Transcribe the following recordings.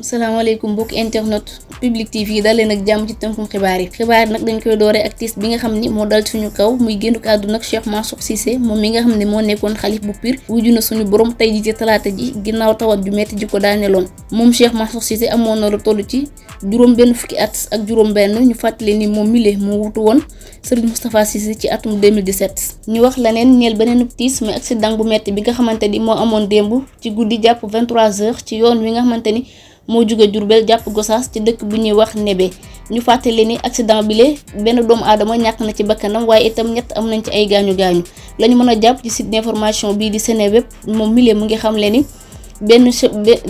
salaamaaleykum mbokki internet Public TV yi dalee nag jàmm ci tënkum xibaar yi xibaar yi nag dañ koy dooree ak tiis bi nga xam ni moo dal suñu kaw muy génn kàddu nag Cheikh Mansour Cissé moom mi nga xam ne moo nekkoon xalif bu Pire wujju na suñu borom tey ji talaata ji ginnaaw tawat ju metti ji ko daaneloon moom Cheikh Mansour Cissé amoon na lu toll ci juróom benn fukki at ak juróom benn ñu fàttali ni moom mile moo wutu woon Serigne Moustapha Cissé ci atum 2017 ñu wax leneen ñeel beneen tiis muy bu metti bi nga xamante ni moo amoon démb ci guddi jàpp 23 heures ci yoon wi nga xamante ni moo jóge Diourbel jàpp Gossas ci dëkk bi ñuy wax Nébé ñu fàttali ni accident bi lee benn doomu aadama ñàkk na ci bakkanam waaye itam ñett am nañ ci ay gaañu gaañu la ñu mën a jàpp ci site d'information bii di Seneweb moom mile mu ngi xam le ni benn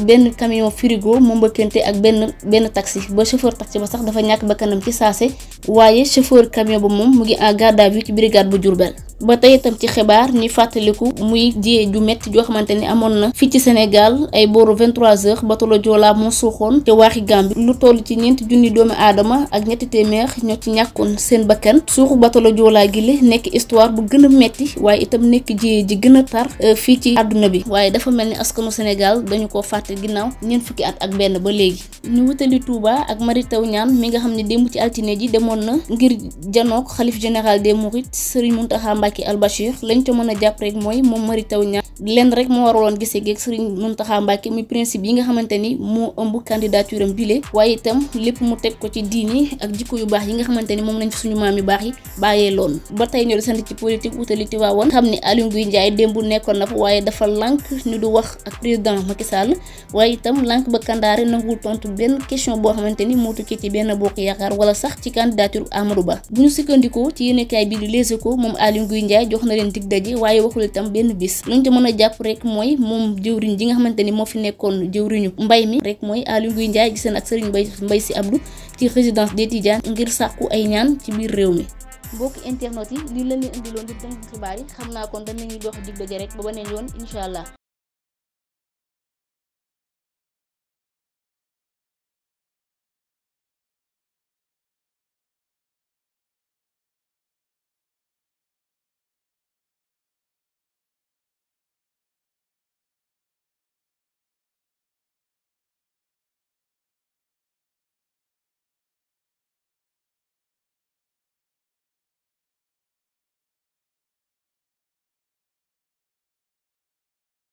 benn camion frigo mu mbëkkante ak benn benn taxi ba chauffeur taxi ba sax dafa ñàkk bakkanam ci saase waaye chauffeur camion ba moom mu ngi en garde à ci brigade bu Diourbel ba tey itam ci xibaar ñuy fàttaliku muy jiyee ju métti joo xamante ni amoon na fii ci Sénégal ay booru 23h bato la moo suuxoon te waaxi Gàmbi lu toll ci ñeenti junni doomi aadama ak ñetti téeméer ñoo ci ñàkkoon seen bakkan suuxu bato la Joola nekk histoire bu gën a métti waaye itam nekk jiyee ji gën a tar euh, fii ci àdduna bi waaye dafa mel ni askanu Sénégal dañu ko fàtte ginnaaw ñeent fukki at ak benn ba léegi. ñu wutali Touba ak Mary Teuw Niane mi nga xam ne démb ci altine ji demoon na ngir janook xalif général des Mourides Mbacké Al Bachir lañ ca mën a jàpp rek mooy moom Mary Teuw lenn rek mo waraloon gisee geeg Serigne Mountakha Mbacké muy principe yi nga xamante ni moo ëmb candidature am bile waaye itam lépp mu teg ko ci diini ak jikko yu baax yi nga xamante ni moom lañ fi suñu maam yu baax yi bàyyee loon ba tey ñoo sant ci politique utali Tivaouane xam ni Aliou Ngouye Ndiaye démb nekkoon na fa waaye dafa lànk ñu du wax ak président Macky Sall waaye itam lànk ba kandaare nangul tontu benn question boo xamante ni moo ci benn bokk yaakaar wala sax ci candidature Amadou Ba bu ñu sukkandikoo ci yéenekaay bi di Les Échos moom Aliou Ngouye Ndiaye jox na leen dig daje waaye waxul itam benn bis luñ a jàpp rek mooy moom jëwriñ ji nga xamante ni moo fi nekkoon jëwriñu mbay mi rek mooy Aly Ngouille Ndiaye giseen ak Serigne Mbaye Mbaye Sy Abdou ci résidence des Tidianes ngir sàkku ay ñaan ci biir réew mi mbokki internet yi lii la leen indiloon di tënk xibaar yi xam naa kon danañu dox dig daje rek ba beneen yoon incha allah